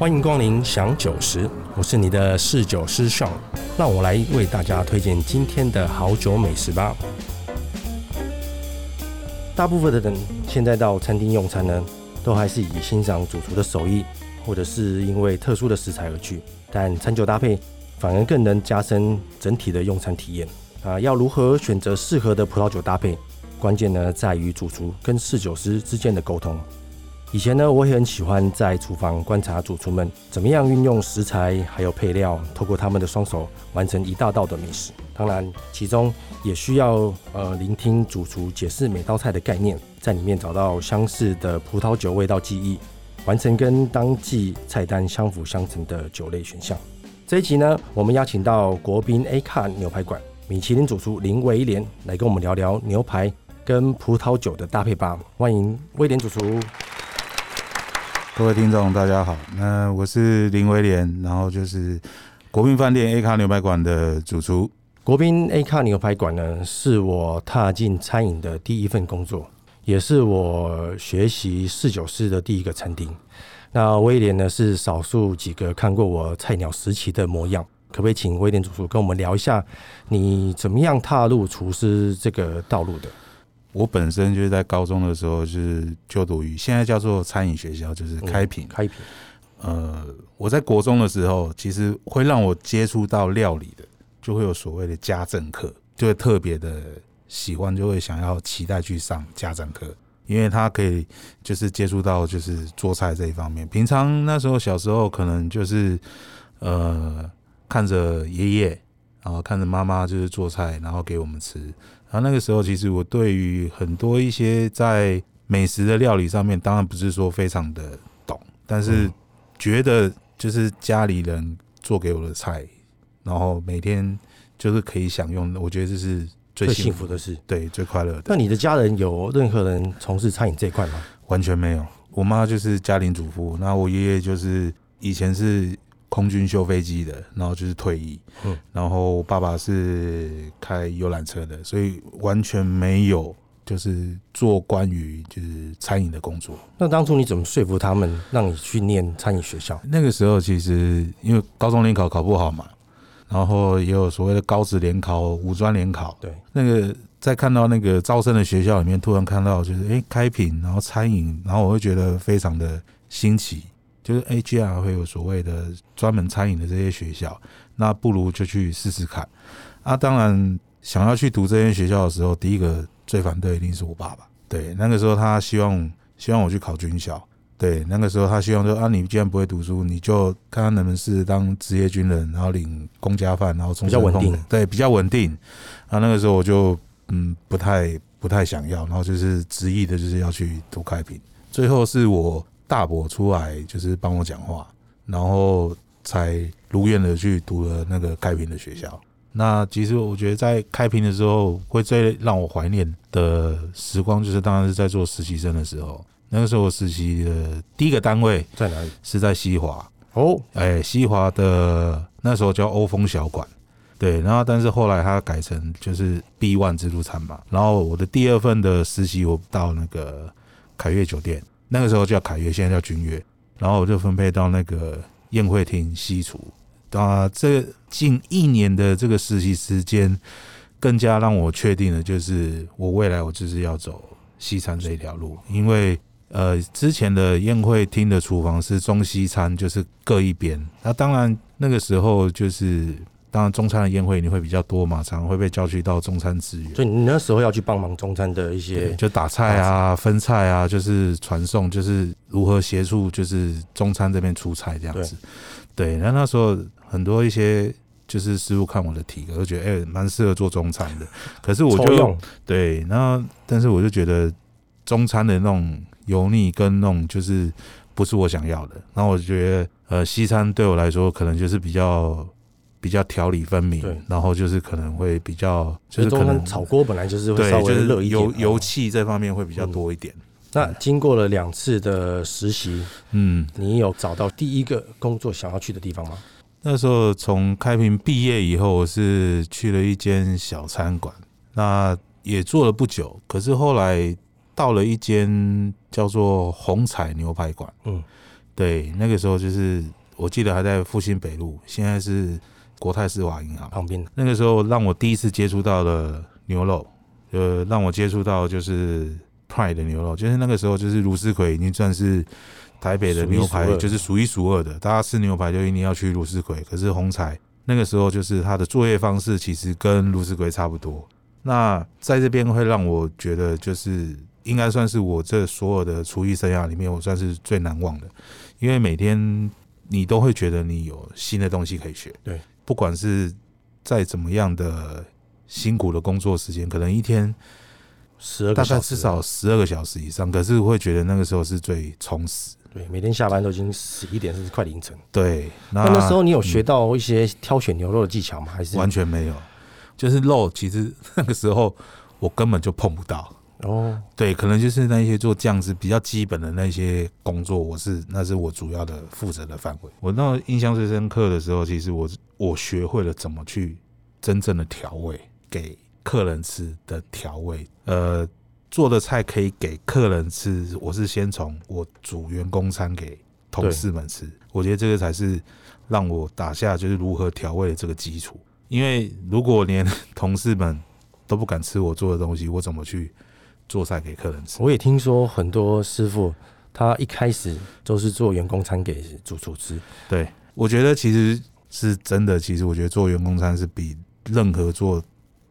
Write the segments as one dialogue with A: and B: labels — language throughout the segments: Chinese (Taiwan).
A: 歡迎光臨享酒食，我是你的侍酒師 Sean，讓我來為大家推薦今天的好酒美食吧。大部分的人現在到餐廳用餐呢，都還是以欣賞主廚的手藝，或者是因為特殊的食材而去。但餐酒搭配反而更能加深整體的用餐體驗。啊，要如何選擇適合的葡萄酒搭配？關鍵呢，在於主廚跟侍酒師之間的溝通。以前呢，我也很喜歡在廚房觀察主廚們怎麼樣運用食材還有配料，透過他們的雙手完成一大道的美食。當然，其中也需要呃聆聽主廚解釋每道菜的概念，在裡面找到相似的葡萄酒味道記憶，完成跟當季菜單相輔相成的酒類選項。這一集呢，我們邀請到國賓 A Cut 牛排館米其林主廚凌、凌威廉來跟我們聊聊牛排跟葡萄酒的搭配吧。歡迎威廉主廚。各
B: 位聽眾，大家好。那我是林威廉，然後就是國賓飯店 A 卡牛
A: 排館的主廚。國賓 A 卡牛排館呢，是我踏進餐飲的第一份工作，也是我學習四酒師的第一個餐廳。那威廉呢，是少數幾個看過我菜鳥時期的模樣。可不可以請威廉主廚跟我們聊一下，你怎麼樣踏入廚師這個道路的？
B: 我本身就是在高中的時候就是就讀於現在叫做餐飲學校，就是開平。嗯，開平。呃，我在國中的時候，其實會讓我接觸到料理的，就會有所謂的家政課，就會特別的喜歡，就會想要期待去上家政課，因為他可以就是接觸到就是做菜這一方面。平常那時候小時候可能就是呃看着爺爺，然後看着媽媽就是做菜，然後給我們吃。然後、啊、那個時候，其實我對於很多一些在美食的料理上面，當然不是說非常的懂，但是覺得就是家裡人做給我的菜，然後每天就是可以享用的，我覺得這是最幸福的事。最幸福的是對，最快樂的。那你的家人有任何人從事餐飲這一塊嗎？完全沒有，我媽就是家庭主婦，那我爺爺就是以前是。空軍修飛機的，然後就是退役，嗯、然後我爸爸是開遊覽車的，所以完全沒有就是做關於就是餐飲的工作。那當初你怎麼說服他們讓你去念餐飲學校？那個時候其實因為高中聯考考不好嘛，然後也有所謂的高職聯考、五專聯考，對，那個在看到那個招生的學校裡面，突然看到就是哎、欸、開平，然後餐飲，然後我會覺得非常的新奇。就是 AGR 會有所謂的專門餐飲的這些學校，那不如就去試試看啊！當然，想要去讀這間學校的時候，第一個最反對一定是我爸爸。對，那個時候他希望希望我去考軍校。對，那個時候他希望說啊，你既然不會讀書，你就看他能不能是當職業軍人，然後領公家飯，然後比較穩定，對，比較穩定。啊，那個時候我就嗯不太不太想要，然後就是執意的就是要去讀開平。最後是我。大伯出來就是幫我講話，然後才如願的去讀了那個開平的學校。嗯、那其實我覺得在開平的時候，會最讓我懷念的時光，就是當然是在做實習生的時候。那個時候我實習的第一個單位在哪裡？是在西華哦，哎，西華的那時候叫歐風小館，對，然後但是後來他改成就是 B one 自助餐嘛。然後我的第二份的實習，我到那個凱悅酒店。那個時候叫凱悅，現在叫君悅。然後我就分配到那個宴會廳西廚。那、啊、這近一年的這個實習時間，更加讓我確定的就是，我未來我就是要走西餐這條路。因為呃，之前的宴會廳的廚房是中西餐就是各一邊。那、啊、當然那個時候就是。當然，中餐的宴會你會比較多嘛，常常會被叫去到中餐支
A: 援。所以你那時候要去幫忙中餐的一些，就
B: 打菜啊、分菜啊，就是傳送，就是如何協助，就是中餐這邊出菜這樣子。對，對，那那時候很多一些就是師傅看我的體格，都覺得哎，蠻、欸、適合做中餐的。可是我就用對，然後但是我就覺得中餐的那種油膩跟那種就是不是我想要的。那我覺得呃，西餐對我來說可能就是比較。比較條理分明，對然後就是可能會比較就是可能炒鍋本來就是對，就是油油
A: 氣這方面會比較多一點。嗯、對那經過了兩次的實習，嗯，你有找到第一個工作想要去的地方嗎？
B: 那時候從開平畢業以後，我是去了一間小餐館，那也做了不久，可是後來到了一間叫做紅彩牛排館，嗯，對，那個時候就是我記得還在復興北路，現在是，國泰
A: 世華銀行旁邊，
B: 那個時候讓我第一次接觸到了牛肉，呃，讓我接觸到就是 prime 的牛肉，就是那個時候就是茹絲葵已經算是台北的牛排就是數一數二的，大家吃牛排就一定要去茹絲葵。可是虹彩那個時候就是它的作業方式其實跟茹絲葵差不多，那在這邊會讓我覺得就是應該算是我這所有的廚藝生涯裡面，我算是最難忘的，因為每天你都會覺得你有新的東西可以學，對。不管是再怎麼樣的辛苦的工作時間，可能一天十二，大概至少十二個小時以上，可是會覺得那個時候是最充實。對，每天下班都已經十一點，是快凌晨。對，那那時候你有學到一些挑選牛肉的技巧嗎？還是？完全沒有。就是肉，其實那個時候我根本就碰不到。哦，oh. 對，可能就是那些做醬汁比較基本的那些工作，我是那是我主要的負責的範圍。我那印象最深刻的時候，其實我我學會了怎麼去真正的調味，給客人吃的調味，呃，做的菜可以給客人吃。我是先從我煮員工餐給同事們吃，對我覺得這個才是讓我打下就是如何調味的這個基礎。因為如果連同事們都不敢吃我做的東西，我怎麼去？
A: 做菜給客人吃。我也聽說很多師傅，他一開始都是做員工餐給主廚吃。
B: 對，我覺得其實是真的。其實我覺得做員工餐是比任何做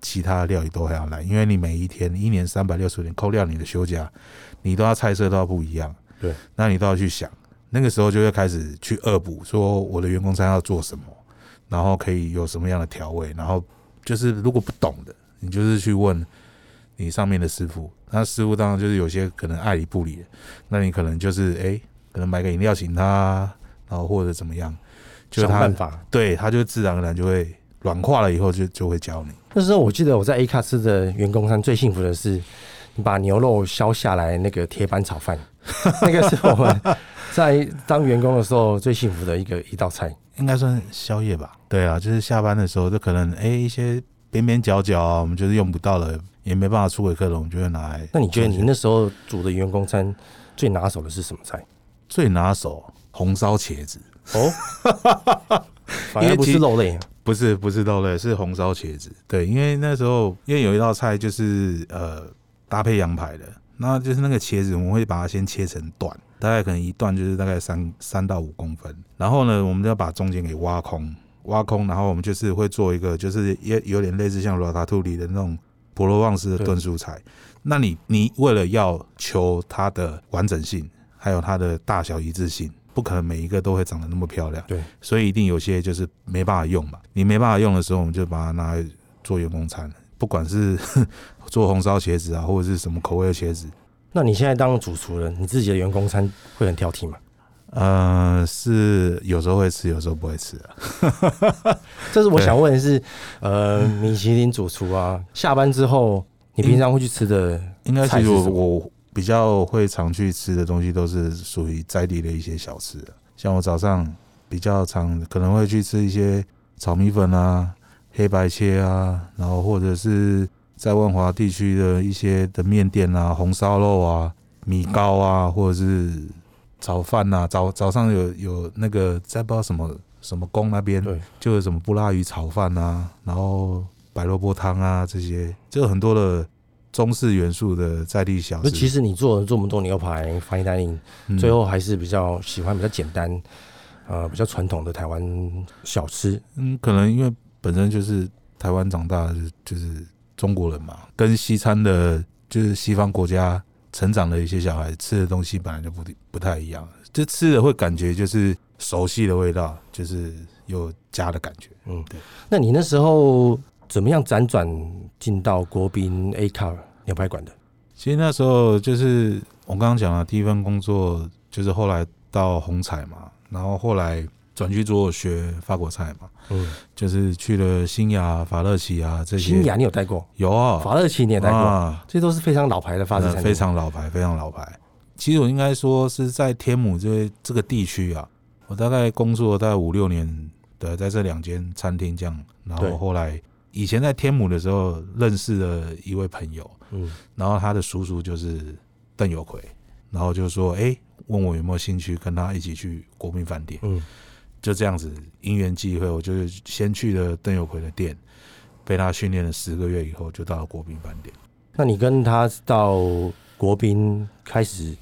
B: 其他的料理都還要難，因為你每一天、一年三百六十五天扣掉你的休假，你都要菜色都要不一樣。對，那你都要去想，那個時候就會開始去惡補，說我的員工餐要做什麼，然後可以有什麼樣的調味，然後就是如果不懂的，你就是去問。你上面的師傅，那師傅當然就是有些可能愛理不理的，那你可能就是哎、欸，可能買個飲料請他，然後或者怎麼樣，就是、他想辦法，對，他就自然而然就會軟
A: 化了，以後就就會教你。那時候我記得我在 A Cut 吃的員工餐最幸福的是，你把牛肉削下來那個鐵板炒飯， 那個是我們在當員工的時候最幸福的一個一道菜，應該算宵夜吧？對啊，就是下班的時候，
B: 就可能哎、欸、一些邊邊角角、啊、我們就是用不到了。也沒辦法出給客人，我就會拿來。
A: 那你覺得你那時候煮的員工餐最拿手的是什麼菜？最拿手紅燒茄子哦，哈哈哈。因為不是肉類、啊，不是不是肉
B: 類，是紅燒茄子。對，因為那時候因為有一道菜就是、嗯、呃搭配羊排的，那就是那個茄子，我們會把它先切成段，大概可能一段就是大概三三到五公分。然後呢，我們就要把中間給挖空，挖空，然後我們就是會做一個，就是也有點類似像 Ratatouille 裡的那種。普羅旺斯的燉蔬菜，對那你你為了要求它的完整性，還有它的大小一致性，不可能每一個都會長得那麼漂亮。對，所以一定有些就是沒辦法用嘛。你沒辦法用的時候，我們就把它拿來做員工餐，不管是做紅燒茄子啊，或者是什麼
A: 口味的茄子。那你現在當主廚了，你自己的員工餐會很挑剔嗎？
B: 呃，是有時候會吃，有時候不會吃，
A: 啊。 這是我想問的是，對呃，米其林主廚啊，下班之後你平常會去吃的應該其實我，我
B: 比較會常去吃的東西，都是屬於在地的一些小吃，啊。像我早上比較常可能會去吃一些炒米粉啊、黑白切啊，然後或者是在萬華地區的一些的麵店啊、紅燒肉啊、米糕啊，或者是，嗯。炒飯吶、啊，早早上有有那個在不知道什麼什麼宮那邊，對就有什麼不拉魚炒飯啊，然後白蘿蔔湯啊這些，就有很多的中式元素的
A: 在地小吃。那其實你做了這麼多，牛排 Fine Dining, 嗯、最後還是比較喜歡比較簡單，呃，比較傳統的台灣小吃。嗯，可能因為本身
B: 就是台灣長大的，就是中國人嘛，跟西餐的，就是西方國家，成長的一些小孩吃的東西本來就不不太一樣了，就吃的會感
A: 覺就是熟悉的味道，就是有家的感覺。嗯，對。那你那時候怎麼樣輾轉進到國賓 A Cut 牛排館的？
B: 其實那時候就是我剛剛講了，第一份工作就是後來到紅彩嘛，然後後來。轉去做學法國菜嘛？嗯，就是去了新雅、法樂奇啊這些。新雅你有帶過？有啊，法樂奇你也帶過啊，這都是非常老牌的法國菜、嗯。非常老牌，非常老牌。其實我應該說是在天母這這個地區啊，我大概工作大概五六年的，在這兩間餐廳這樣。然後後來以前在天母的時候認識了一位朋友，嗯，然後他的叔叔就是鄧有奎，然後就說：“哎、欸，問我有沒有興趣跟他一起去國賓飯店。”嗯。就這樣子，因緣際會，我就是先去了鄧有葵的店，被他訓練了十個月以後，就到了國賓飯店。
A: 那你跟他到國賓開始，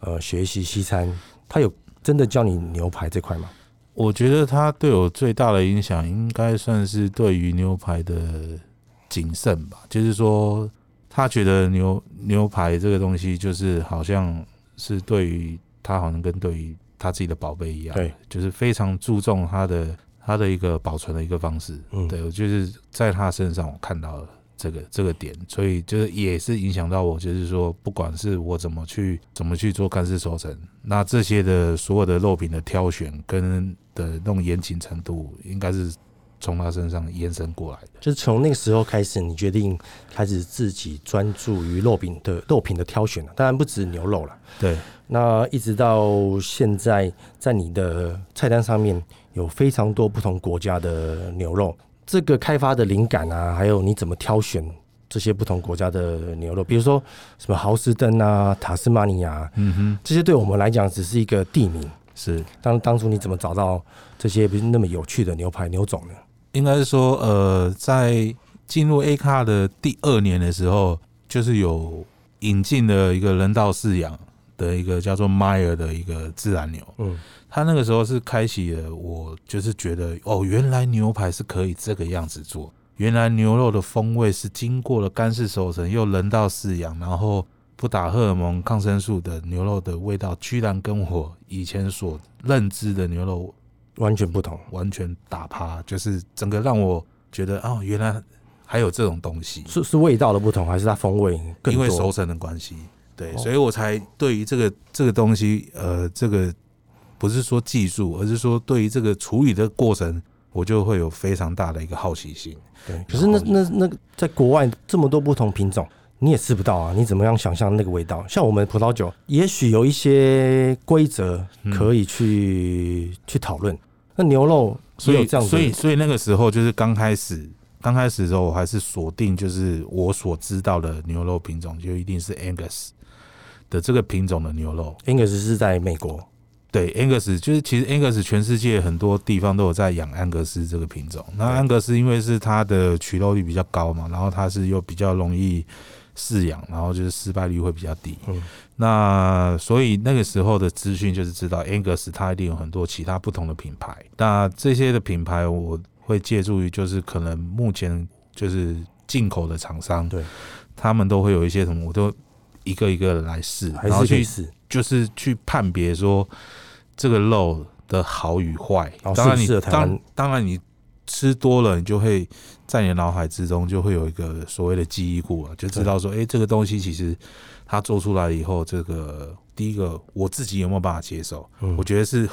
A: 呃，學習西餐，他有真的教你牛排這塊嗎？我覺得他對我最大的影響，應該算是對
B: 於牛排的謹慎吧。就是說，他覺得牛牛排這個東西，就是好像是對於他，好像跟對於。他自己的寶貝一樣，對，就是非常注重他的他的一個保存的一個方式，嗯，對，就是在他身上我看到了這個這個點，所以就是也是影響到我，就是說不管是我怎麼去怎麼去做乾濕熟成，那這些的所有的肉品的挑選跟的那種嚴謹程度，應該是。從他身上延伸過來
A: 的，就是從那個時候開始，你決定開始自己專注於肉品的肉品的挑選了啊？當然不止牛肉了。對。那一直到現在，在你的菜單上面有非常多不同國家的牛肉，這個開發的靈感啊，還有你怎麼挑選這些不同國家的牛肉？比如說什麼豪斯登啊、塔斯馬尼亞啊，嗯哼，這些對我們來講只是一個地名。是。當當初你怎麼找到這些不是那麼有趣的牛排牛種呢？應該是說，呃，
B: 在進入 A Cut 的第二年的時候，就是有引進了一個人道飼養的一個叫做 Meyer 的一個自然牛。嗯，他那個時候是開啟了我，就是覺得哦，原來牛排是可以這個樣子做，原來牛肉的風味是經過了乾式熟成，又人道飼養，然後不打荷爾蒙、抗生素的牛肉的味道，居然跟我以前所認知的牛肉。完全不同，嗯，完全打趴，就是整個讓我覺得啊，哦，原來還有這種東西。是是味道的不同，還是它風味更多？因為熟成的關係。對，哦，所以我才對於這個這個東西，呃，這個不是說技術，而是說對於這個處理的過程，我就會有非常大的一個好奇
A: 心。對。然後，可是那那那個，在國外這麼多不同品種，你也吃不到啊，你怎麼樣想象那個味道？像我們葡萄酒，也許有一些規則可以去，嗯，去討論。那牛肉，所以所以
B: 所以那個時候就是剛開始，剛開始的時候我還是鎖定就是我所知道的牛肉品種，就一定是 Angus 的這個品種的牛肉。Angus 是在美國，對 Angus 就是其實 Angus 全世界很多地方都有在養 Angus 這個品種。那 Angus 因為是它的取肉率比較高嘛，然後它是又比較容易飼養，然後就是失敗率會比較低。嗯，那所以那個時候的資訊就是知道，Angus 它一定有很多其他不同的品牌，那這些的品牌，我會借助於就是可能目前就是進口的廠商，對，他們都會有一些什麼，我都一個一個來試，然後去就是去判別說這個肉的好與壞。當然你當當然你，吃多了，你就會在你的腦海之中就會有一個所謂的記憶庫啊，就知道說，哎，這個東西其實它做出來以後，這個第一個我自己有沒有辦法接受？我覺得是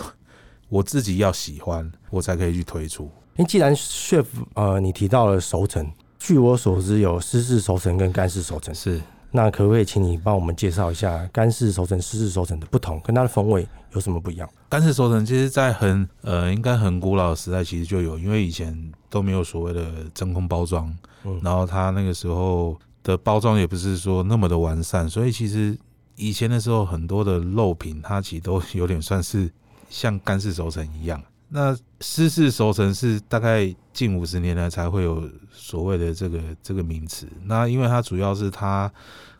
B: 我自己要喜歡，我才可以去推出，去推
A: 出、嗯欸。因既然 Chef 呃，你提到了熟成，據我所知有濕式熟成跟乾式熟成，是。那可不可以請你幫我們介紹一下乾式熟成、濕式熟成的不同，跟它的風味有什麼不一樣？乾式熟
B: 成其實，在很呃，應該很古老的時代其實就有，因為以前都沒有所謂的真空包裝，嗯，然後它那個時候的包裝也不是說那麼的完善，所以其實以前的時候很多的肉品，它其實都有點算是像乾式熟成一樣。那濕式熟成是大概近五十年來才會有所謂的這個這個名詞。那因為它主要是它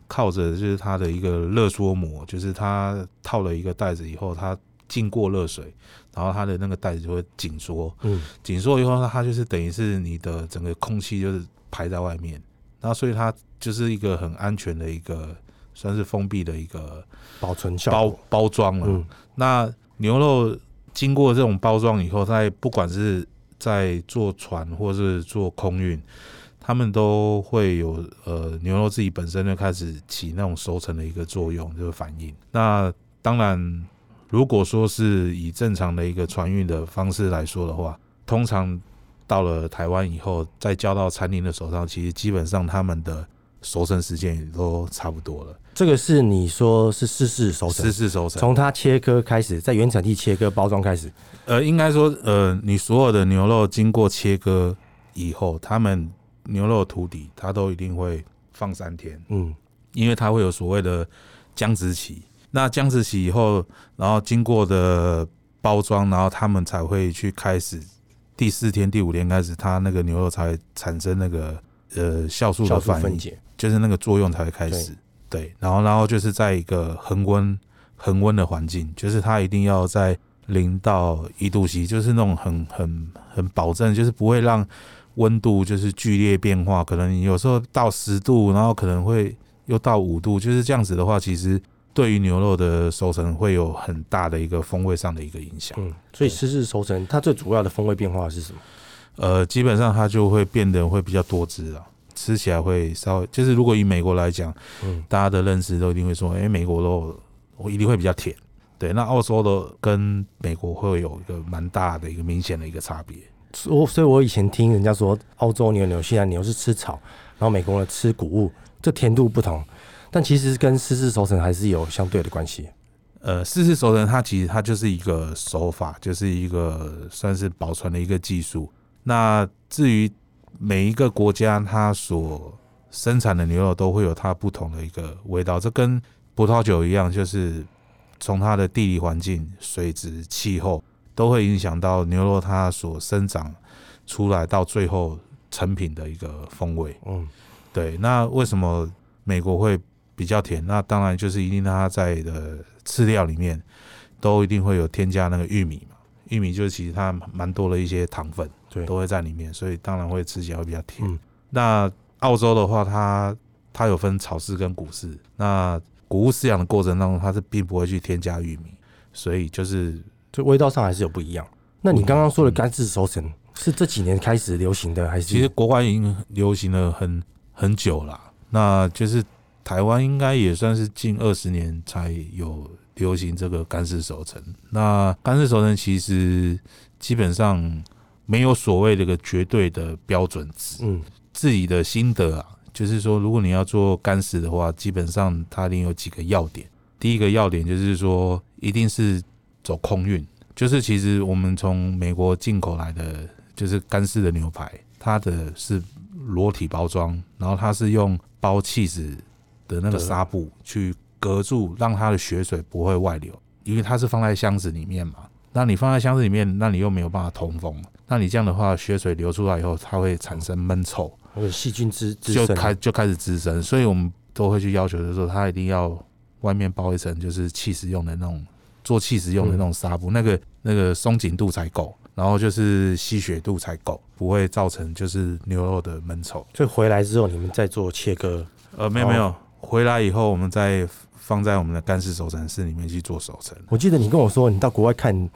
B: 靠着就是它的一個熱縮膜，就是它套了一個袋子以後，它浸過熱水，然後它的那個袋子就會緊縮。嗯，緊縮以後它就是等於是你的整個空氣就是排在外面，那所以它就是一個很安全的一個算是封閉的一個包保存效包包裝了。嗯，那牛肉。經過這種包裝以後，在不管是在坐船或是坐空運，他們都會有呃牛肉自己本身就開始起那種熟成的一個作用，這個反應。那當然，如果說是以正常的一個船運的方式來說的話，通常到了台灣以後，再交到餐廳的手上，其實基本上他們的熟成時間也都差不多了。
A: 這個是你說是濕式熟成，濕式熟成，從它切割開始，在原產地切割包裝開始，
B: 呃，應該說，呃，你所有的牛肉經過切割以後，他們牛肉的屠體，它都一定會放三天，嗯，因為它會有所謂的僵直期。那僵直期以後，然後經過的包裝，然後他們才會去開始第四天、第五天開始，它那個牛肉才產生那個呃酵素的分，酵素分解，就是那個作用才會開始。對，然後，然後就是在一個恆溫恆溫的環境，就是它一定要在零到一度 C，就是那種很很很保證，就是不會讓溫度就是劇烈變化，可能有時候到十度，然後可能會又到五度，就是這樣子的話，其實對於牛肉的熟成會有很大的一個風味上的一個影響。嗯，所以濕式熟成、嗯、它最主要的風味變化是什麼？呃，基本上它就會變得會比較多汁了、啊。吃起來會稍微，就是如果以美國來講，嗯，大家的認識都一定會說，哎、欸，美國都我一定會比較甜，對。那澳洲的跟美國會有一個蠻大的一個明顯的一個差別。
A: 我所以，我以前聽人家說，澳洲牛、紐西蘭牛是吃草，然後美國人吃穀物，這甜度不同。但其實跟濕式熟成還是有相對的關係。
B: 呃，濕式熟成它其實它就是一個手法，就是一個算是保存的一個技術。那至於。每一個國家，它所生產的牛肉都會有它不同的一個味道。這跟葡萄酒一樣，就是從它的地理環境、水質、氣候都會影響到牛肉它所生長出來到最後成品的一個風味。嗯，對。那為什麼美國會比較甜？那當然就是一定它在的飼料裡面都一定會有添加那個玉米嘛。玉米就是其實它蠻多的一些糖分。對，都會在裡面，所以當然會吃起來會比較甜。嗯、那澳洲的話，它它有分草飼跟穀飼。那
A: 穀物飼養的過程當中，它是並不會去添加玉米，所以就是就味道上還是有不一樣。能那你剛剛說的乾式熟成、嗯、是這幾年開始流行的，還是？其實國
B: 外已經流行了很很久了。那就是台灣應該也算是近二十年才有流行這個乾式熟成。那乾式熟成其實基本上。沒有所謂這個絕對的標準值，嗯，自己的心得啊，就是說，如果你要做乾式的話，基本上它一定有幾個要點。第一個要點就是說，一定是走空運，就是其實我們從美國進口來的，就是乾式的牛排，它的是裸體包裝，然後它是用包起司的那個紗布去隔住，讓它的血水不會外流，因為它是放在箱子裡面嘛。那你放在箱子裡面，那你又沒有辦法通風。那你這樣的話，血水流出來以後，它會產生悶臭，
A: 細菌滋滋生，就開
B: 就開始滋生，所以我們都會去要求，就是說它一定要外面包一層，就是起司用的那種做起司用的那種紗布、嗯那個，那個那個鬆緊度才夠，然後就是吸血度才夠，不會造成就是牛肉的悶臭。所以回來之後，
A: 你們再做切割？呃，沒有沒有，
B: 回來以後我們再放在我們的乾式熟成室裡面去做熟成。
A: 我記得你跟我說，你到國外看。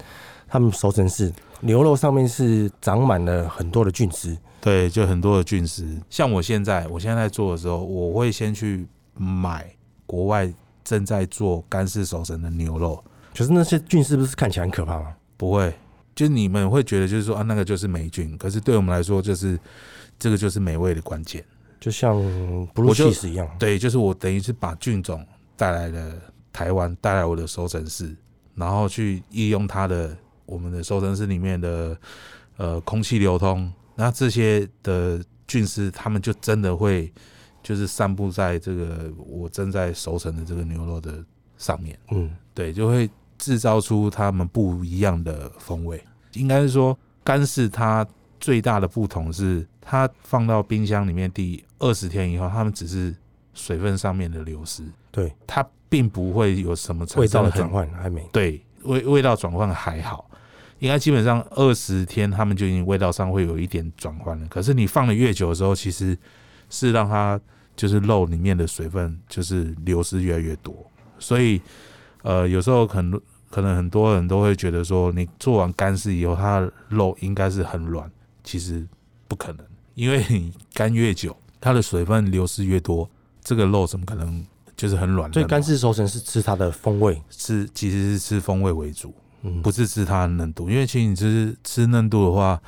A: 他們熟成室，牛肉上面是長滿了很多的菌絲，對，就很多
B: 的菌絲。像我現在，我現在在做的時候，我會先去買國外正在做乾式熟成的牛肉。可是那些菌絲不是看起來很可怕嗎？不會，就是你們會覺得就是說啊，那個就是霉菌。可是對我們來說，就是這個就是美味的關鍵，
A: 就像 blue cheese 一樣。
B: 對，就是我等於是把菌種帶來了台灣，帶來我的熟成室，然後去利用它的。我們的熟成室裡面的呃，空氣流通，那這些的菌絲，它們就真的會，就是散布在這個我正在熟成的這個牛肉的上面。嗯，對，就會製造出它們不一樣的風味。應該是說乾式它最大的不同是，它放到冰箱裡面第二十天以後，它們只是水分上面的流失，對，它並不會有什麼味道的轉換，還沒，對，味味道轉換還好。應該基本上二十天，他們就已經味道上會有一點轉換了。可是你放的越久的時候，其實是讓它就是肉裡面的水分就是流失越來越多。所以，呃，有時候可能可能很多人都會覺得說，你做完乾式以後，它肉應該是很軟，其實不可能，因為你乾越久，它的水分流失越多，這個肉怎麼可能就是很軟？所以乾式熟成是吃它的風味，是其實是吃風味為主。嗯，不是吃它的嫩度，因為其實你吃吃嫩度的話，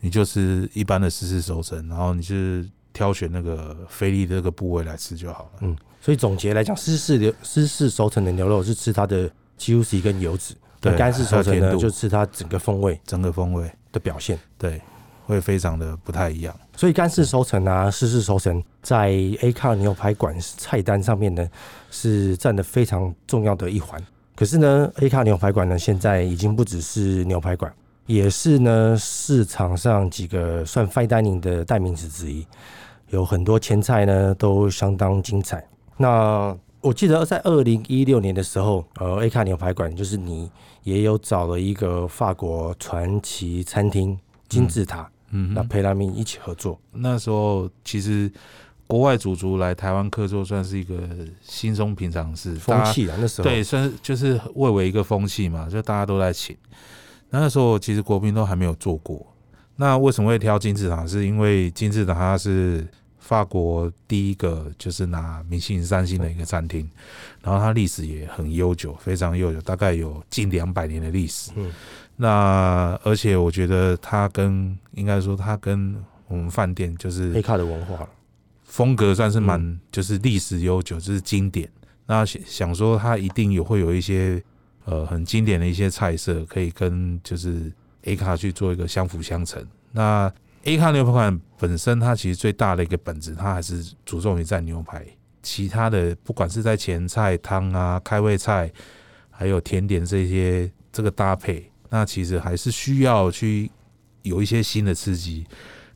B: 你就是一般的濕式熟成，然後你就
A: 是挑選那個菲力的那個部位來吃就好了。嗯，所以總結來講，濕式牛濕式熟成的牛肉是吃它的 juicy 跟油脂，對，乾式熟成呢就是吃它整個風味，整個風味的表現，表現對，會非常的不太一樣。所以乾式熟成啊，濕式熟成，在 A Cut 牛排館菜單上面呢，是佔的非常重要的一環。可是呢，A Cut 牛排館呢，現在已經不只是牛排館，也是呢市場上幾個算 fine dining 的代名詞之一。有很多前菜呢都相當精彩。那我記得在二零一六年的時候，呃，A Cut 牛排館就是你也有找了一個法國傳奇餐廳金字塔，嗯，那陪他們一起合作。那
B: 時候其實。國外主廚來臺灣客座算是一個稀鬆平常事，風氣啊，那時候對，算是就是蔚為一個風氣嘛，就大家都在請。那時候其實國賓都還沒有做過，那為什麼會挑金字塔？是因為金字塔它是法國第一個就是拿米其林三星的一個餐廳，嗯、然後它歷史也很悠久，非常悠久，大概有近兩百年的歷史。嗯，那而且我覺得它跟應該說它跟我們飯店就是背靠的文化。風格算是蠻，就是歷史悠久，嗯、就是經典。那想說它一定也會有一些，呃，很經典的一些菜色，可以跟就是 A 卡去做一個相輔相成。那 A 卡牛排本身它其實最大的一個本質，它還是着重於在牛排，其他的不管是在前菜、湯啊、開胃菜，還有甜點這些這個搭配，那其實還是需要去有一些新的刺激。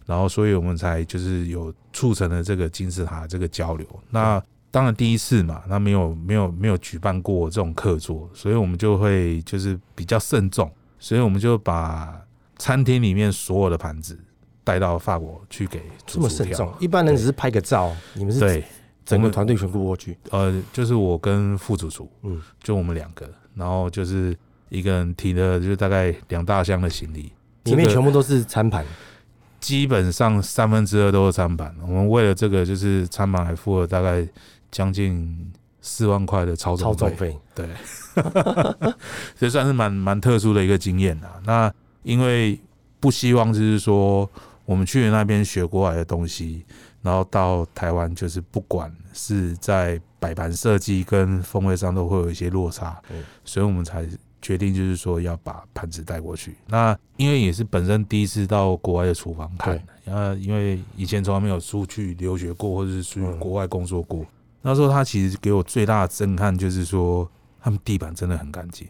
B: 然後，所以我們才就是有促成了這個金字塔這個交流。那當然第一次嘛，那沒有沒有沒有舉辦過這種客座，所以我們就會就是比較慎重，所以我們就把餐廳裡面所有的盤子帶到法國去給竹竹這麼慎重。
A: 一般人只是拍個照，對你們是整對整個團隊
B: 全部過去。呃，就是我跟副主廚，嗯，就我們兩個，然後就是一個人提了就大概兩大箱的行李，裡面全部都是餐盤。基本上三分之二都是餐盤，我們為了這個就是餐盤還付了大概將近四萬塊的操作費，對，這 算是蠻蠻特殊的一個經驗的。那因為不希望就是說我們去那邊學過來的東西，然後到台灣就是不管是在擺盤設計跟風味上都會有一些落差，所以我們才。決定就是說要把盤子帶過去。那因為也是本身第一次到國外的廚房看，然後對因為以前從來沒有出去留學過，或者是出去國外工作過。嗯、那時候他其實給我最大的震撼就是說，他們地板真的很乾淨，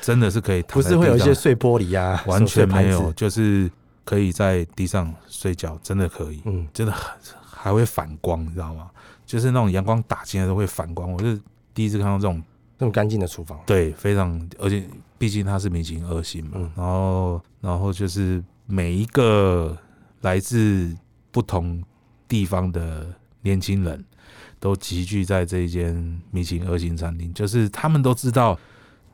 B: 真的是可以，不是會有一些碎玻璃啊，完全沒有，就是可以在地上睡覺，真的可以，嗯，真的很還會反光，你知道嗎？就是那種陽光打進來都會反光，我是第一次看到這種。那麼乾淨的廚房，對，非常，而且畢竟它是米其林二星嘛，嗯、然後，然後就是每一個來自不同地方的年輕人都集聚在這一間米其林二星餐廳，就是他們都知道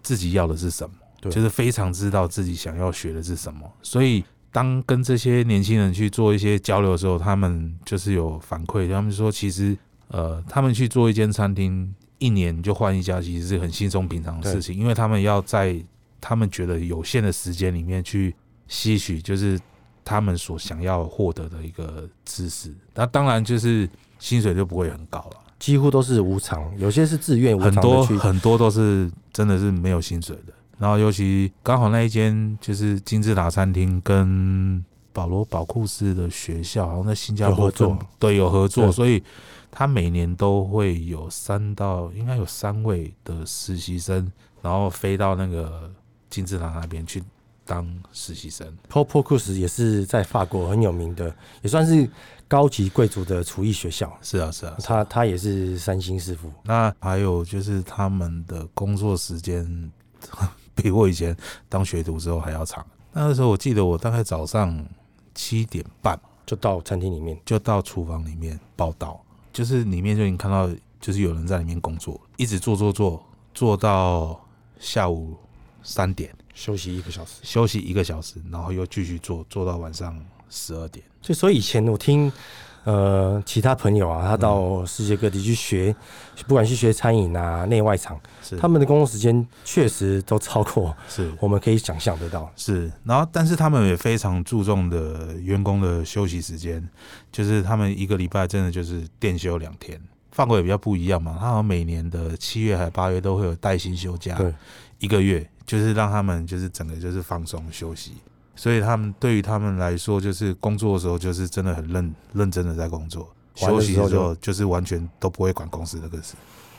B: 自己要的是什麼，對就是非常知道自己想要學的是什麼，所以當跟這些年輕人去做一些交流的時候，他們就是有反饋，他們說其實呃，他們去做一間餐廳。一年就換一家，其實是很輕鬆平常的事情，因為他們要在他們覺得有限的時間裡面去吸取，就是他們所想要獲得的一個知識。那當然就是薪水就不會很高了，幾乎都是無償，有些是自願無償。很多很多都是真的是沒有薪水的。然後尤其剛好那一間就是金字塔餐廳跟保羅寶庫斯的學校，好像在新加坡做，對，有合作，有合作，是，所以。他每年都會有三到應該有三位的實習生，然後飛到那個金字塔那邊去當實習生。
A: Bocuse 也是在法國很有名的，也算是高級貴族的廚藝學校。是啊，是啊，他他也是三星師傅。那還有就
B: 是他們的工作時間比我以前當學徒之後還要長。那個時候我記得我大概早上七點半就到餐廳裡面，就到廚房裡面報到。就是裡面就已經看到，就是有人在裡面工作，一直做做做，做到下午三點，休息一個小時，休
A: 息一個小時，然
B: 後又繼續做，做到晚上十二
A: 點。所以，所以以前我聽。呃，其他朋友啊，他到世界各地去學，嗯、不管是學餐飲啊、內外場，是他們的工作時間確實都超過，是我們可以想象得到。
B: 是，然後但是他們也非常注重的員工的休息時間，就是他們一個禮拜真的就是店休兩天，範圍也比較不一樣嘛。他們每年的七月還是八月都會有帶薪休假，對，一個月就是讓他們就是整個就是放鬆休息。所以他們對於他們來說，就是工作的時候就是真的很認認真的在工作，休息的時候就,就是完全都不會管公司這個事，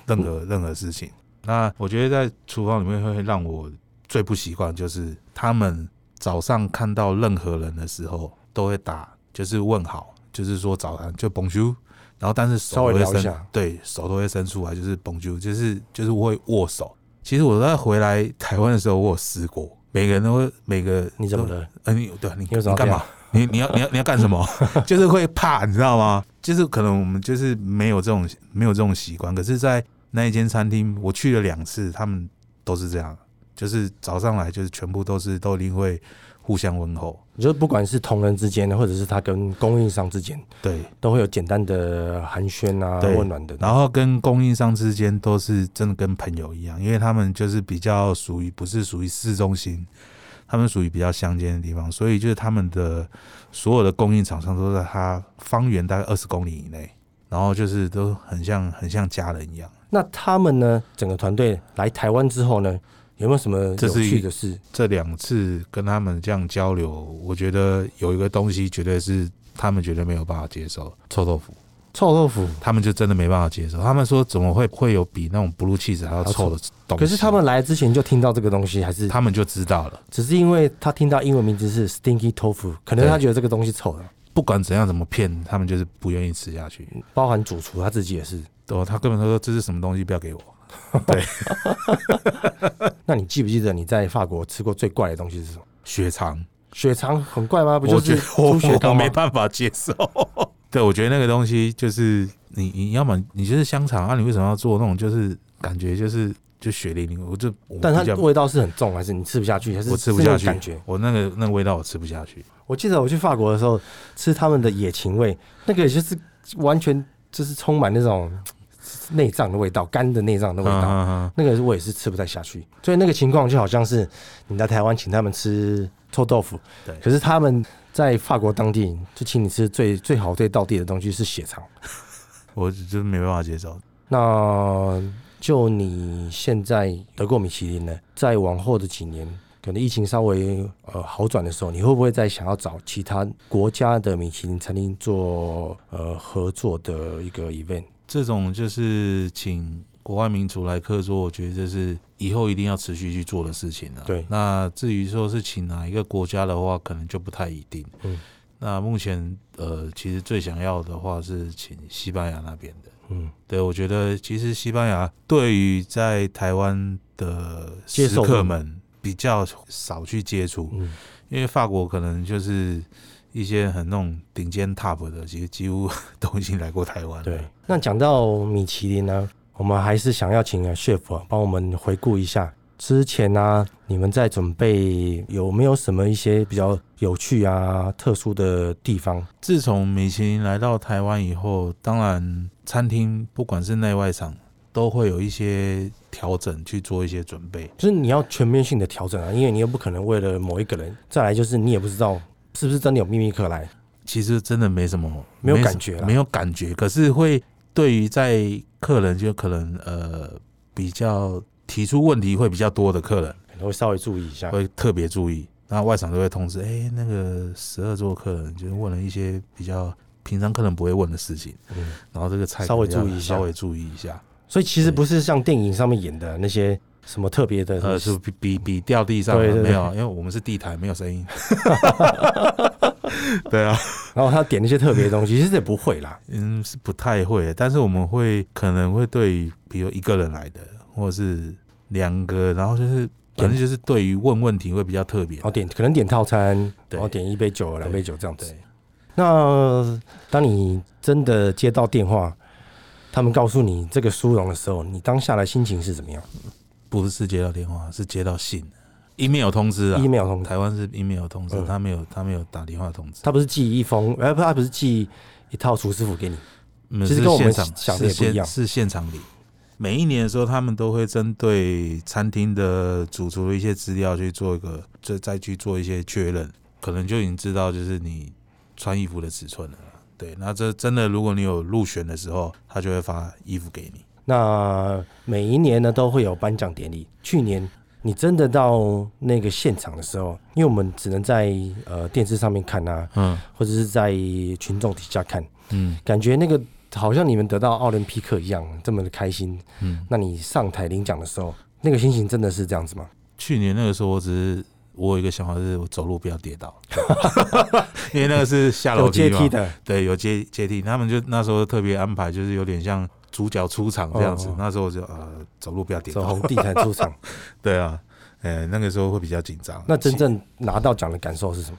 B: 嗯、任何任何事情。那我覺得在廚房裡面會讓我最不習慣，就是他們早上看到任何人的時候都會打，就是問好，就是說早安，就 Bonjour，然後但是手也會伸對手都會伸出來就、Bonjour, 就是，就是 Bonjour，就是就是會握手。其實我在回來台灣的時候，我有試過。每個人都會，每個你怎麼了？你、哎、對，你幹嘛？你你要你要你要幹什麼？ 就是會怕，你知道嗎？就是可能我們就是沒有這種沒有這種習慣，可是，在那一間餐廳，我去了兩次，他們都是這樣，就是早上來，就是全部都是都一定會。
A: 互相問候，就是不管是同仁之間，或者是他跟供應商之間，對，都會有簡單的寒暄啊，溫對暖的。
B: 然後跟供應商之間都是真的跟朋友一樣，因為他們就是比較屬於不是屬於市中心，他們屬於比較鄉間的地方，所以就是他們的所有的供應廠商都在他方圓大
A: 概二十公里以內，然後就是都很像很像家人一樣。那他們呢，整個團隊來台灣之後呢？有沒有什麼有趣的事？這兩次跟
B: 他們這樣交流，我覺得有一個東西絕對是他們絕對沒有辦法接受——臭豆腐。臭豆腐，他們就真的沒辦法接受。他們說怎麼會會有比那種 blue cheese
A: 還要臭的東西？可是他們來之前就聽到這個東西，還是他們就知道了。只是因為他聽到英文名字是 Stinky Tofu，可能他覺得這個東西臭了。
B: 不管怎樣，怎麼騙他們就
A: 是不願意吃下去。包含主廚他自己也是，對、哦，他根本都說這是什麼東西，不要給我。對， 那你記不記得你在法國吃過最怪的東西是什麼？血腸腸，血腸很怪嗎？不就是豬血腸，我覺得我我剛剛沒辦法接受。 對，我
B: 覺得那個東西就是你，你要麼你就是香腸啊，你為什麼要做那種？就是感覺
A: 就是就血淋淋，我就。我但它味道是很重，還是你吃不下去？還是，是我吃不下去？我那個那個味道我吃不下去。我記得我去法國的時候吃他們的野芹味，那個也就是完全就是充滿那種。內臟的味道，乾的內臟的味道，啊啊啊，那個我也是吃不太下去。所以那個情況就好像是你在台灣請他們吃臭豆腐，對，可是他們在法國當地就請你吃最最好最道地的東西是血腸，我真沒辦法接受。那就你現在得過米其林了，在往後的幾年，可能疫情稍微呃好轉的時候，你會不會再想要找其他國家的米其林餐廳做呃合作的一個 event？這種就是請國外名廚來
B: 客座，我覺得這是以後一定要持續去做的事情了，啊。對，那至於說是請哪一個國家的話，可能就不太一定。嗯，那目前呃，其實最想要的話是請西班牙那邊的。嗯，對，我覺得其實西班牙對於在台灣的食客們比較少去接觸，接因為法國可能就是。一些很那種頂尖 top 的，其實幾乎都已經來過台灣。對，
A: 那講到米其林呢、啊，我們還是想要請啊 Chef 幫我們回顧一下之前呢、啊，你們在準備有沒有什麼一些比較有趣啊、特殊的地方？自從米其林來到
B: 台灣以後，當然餐廳不管是內外場都會有一些
A: 調整去做一些準備，就是你要全面性的調整啊，因為你又不可能為了某一個人。再來就是你也不知道。是不是真的有秘密客來？
B: 其實真的沒什麼，沒有感覺沒，沒有感覺。可是會對於在客人就可能呃比較提出問題會比較多的客人，欸、會稍微注意一下，會特別注意。然後外場都會通知，哎、欸，那個十二座客人就是問了一些比較平常客人不會問的事情，嗯，然後這個菜稍微注意一下，稍微注意一下。
A: 所以其實不是像電影上面演的那些。什麼特別的東西，呃？是，是比比，比掉地上對對對，啊，沒有，
B: 因為我們是地台，沒有聲音。
A: 對啊，然後他點那些特別的東西， 其實也不
B: 會啦。嗯，是不太會，但是我們會可能會對，比如一個人來的，或者是兩個，然後就是點反正就是對於問問題會比較特別。哦，點可能
A: 點套餐，對然後點一杯酒兩對杯酒這樣子。對那當你真的接到電話，他們告訴你這個殊榮的時候，你當下來的心情是怎麼樣？不是接到電話，是接到信，email 通知啊。email 通知，台灣是
B: email 通知，嗯、他沒有，他沒有打電話通知。他不是寄一封，不，他不是寄一套廚師服給你。嗯、其實跟我們想想的不一樣，是現場，是現，是現場裡。每一年的時候，他們都會針對餐廳的主廚的一些資料去做一個，再再去做一些確認，可能就已經知道就是你穿衣服的尺寸了。對，那這真的，如果你有入選的時候，他就會發衣服給你。
A: 那每一年呢，都會有頒獎典禮。去年你真的到那個現場的時候，因為我們只能在呃電視上面看啊，嗯，或者是在群眾底下看，嗯，感覺那個好像你們得到奧林匹克一樣這麼的開心。嗯，那你上台領獎的時候，那個心情真的是這樣子嗎？
B: 去年那個時候，我只是我有一個想法，就是我走路不要跌倒， 因為那個是下樓梯的，對，有階階梯，他們就那時候特別安排，就是有點像。主角出場這樣子，哦、那時候就呃走路不要跌倒，走紅地毯出場， 對啊，呃、欸、那個時候會比較緊張。那真正拿到獎的感受是什麼？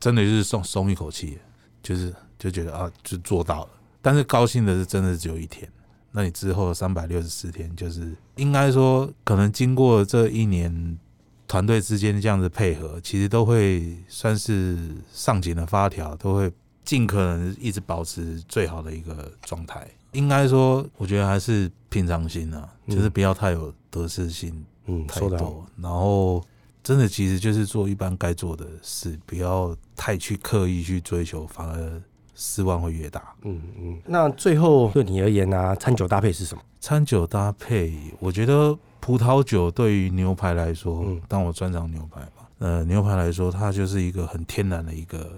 B: 真的就是鬆鬆一口氣，就是就覺得啊，就做到了。但是高興的是，真的是只有一天。那你之後三百六十四天，就是應該說，可能經過這一年團隊之間這樣的配合，其實都會算是上緊的發條，都會儘可能一直保持最好的一個狀態。應該說，我覺得還是平常心啊，嗯、就是不要太有得失心。嗯，太多，嗯啊、然後，真的其實就是做一般該做的事，不要太去刻意去追求，反而失望會越大。嗯
A: 嗯。那最後，對你而言呢、啊，餐酒搭配是什麼？餐酒搭配，我覺得
B: 葡萄酒對於牛排來說，嗯、當我專長牛排吧，呃，牛排來說，它就是一個很天然的一個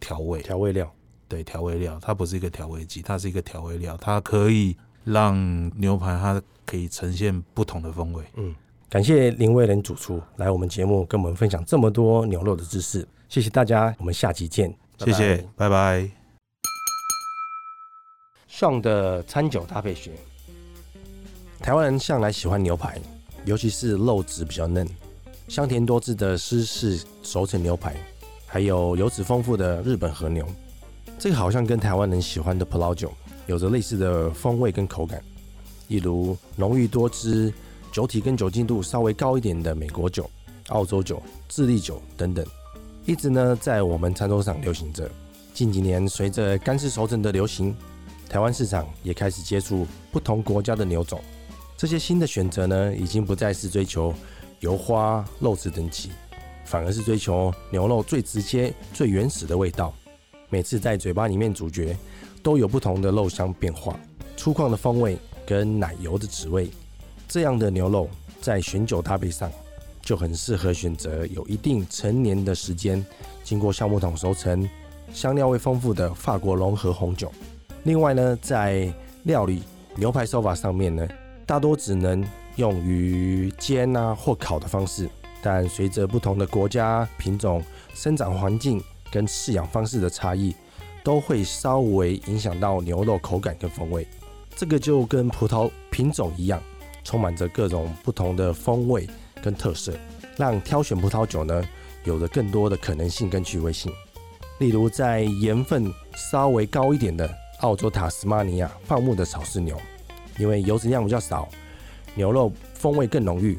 B: 調味調味料，調味料，它不是一個調味
A: 劑，它是一個調味料，它可以讓牛排，它可以呈現不同的風味。嗯，感謝凌威廉主廚來我們節目跟我們分享這麼多牛肉的知識，謝謝大家，我們下期見，謝謝，拜拜。拜拜。Sean 的餐酒搭配學。台灣人向來喜歡牛排，尤其是肉質比較嫩、香甜多汁的濕式熟成牛排，還有油脂豐富的日本和牛。這個好像跟台灣人喜歡的葡萄酒有着類似的風味跟口感，例如濃郁多汁、酒體跟酒精度稍微高一點的美國酒、澳洲酒、智利酒等等，一直呢在我們餐桌上流行着。近幾年隨着乾式熟成的流行，台灣市場也開始接觸不同國家的牛種。這些新的選擇呢，已經不再是追求油花、肉質等級，反而是追求牛肉最直接、最原始的味道。每次在嘴巴裡面咀嚼，都有不同的肉香變化，粗獷的風味跟奶油的滋味，這樣的牛肉在選酒搭配上就很適合選擇有一定陳年的時間，經過橡木桶熟成、香料味豐富的法國隆河紅酒。另外呢，在料理牛排手法上面呢，大多只能用於煎啊或烤的方式，但隨着不同的國家、品種、生長環境。跟飼養方式的差異，都會稍微影響到牛肉口感跟風味。這個就跟葡萄品種一樣，充滿着各種不同的風味跟特色，讓挑選葡萄酒呢，有着更多的可能性跟趣味性。例如在鹽分稍微高一點的澳洲塔斯馬尼亞放牧的草飼牛，因為油脂量比較少，牛肉風味更濃郁，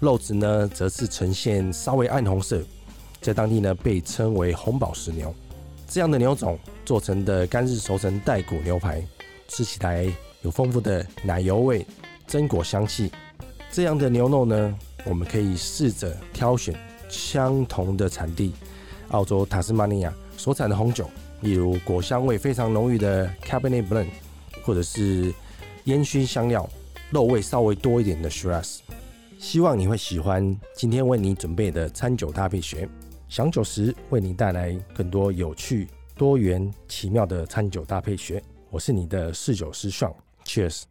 A: 肉質呢則是呈現稍微暗紅色。在當地呢，被稱為紅寶石牛。這樣的牛種做成的乾式熟成帶骨牛排，吃起來有豐富的奶油味、榛果香氣。這樣的牛肉呢，我們可以試着挑選相同的產地——澳洲塔斯馬尼亞所產的紅酒，例如果香味非常濃郁的 Cabernet Blend，或者是煙燻香料、肉味稍微多一點的 Shiraz。希望你會喜歡今天為你準備的餐酒搭配學。享酒時為您帶來更多有趣、多元、奇妙的餐酒搭配學。我是你的侍酒師 Sean。Cheers。